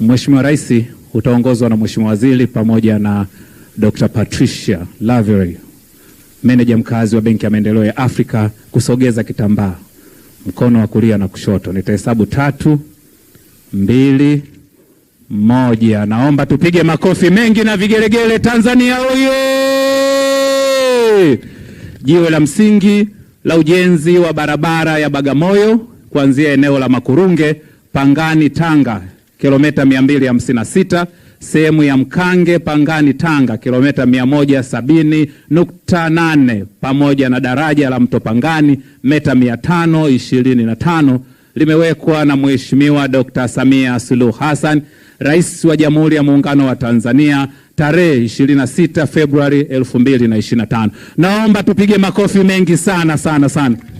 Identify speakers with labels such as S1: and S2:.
S1: Mheshimiwa Rais utaongozwa na Mheshimiwa Waziri pamoja na Dr. Patricia Lavery, meneja mkazi wa Benki ya Maendeleo ya Afrika kusogeza kitambaa mkono wa kulia na kushoto. Nitahesabu tatu, mbili, moja. Naomba tupige makofi mengi na vigelegele. Tanzania oye! Jiwe la msingi la ujenzi wa barabara ya Bagamoyo kuanzia eneo la Makurunge Pangani Tanga kilomita 256, sehemu ya Mkange Pangani Tanga kilomita 170.8, pamoja na daraja la mto Pangani meta 525 limewekwa na Mheshimiwa Dr. Samia Suluhu Hassan, Rais wa Jamhuri ya Muungano wa Tanzania tarehe 26 Februari 2025. Naomba tupige makofi mengi sana sana sana.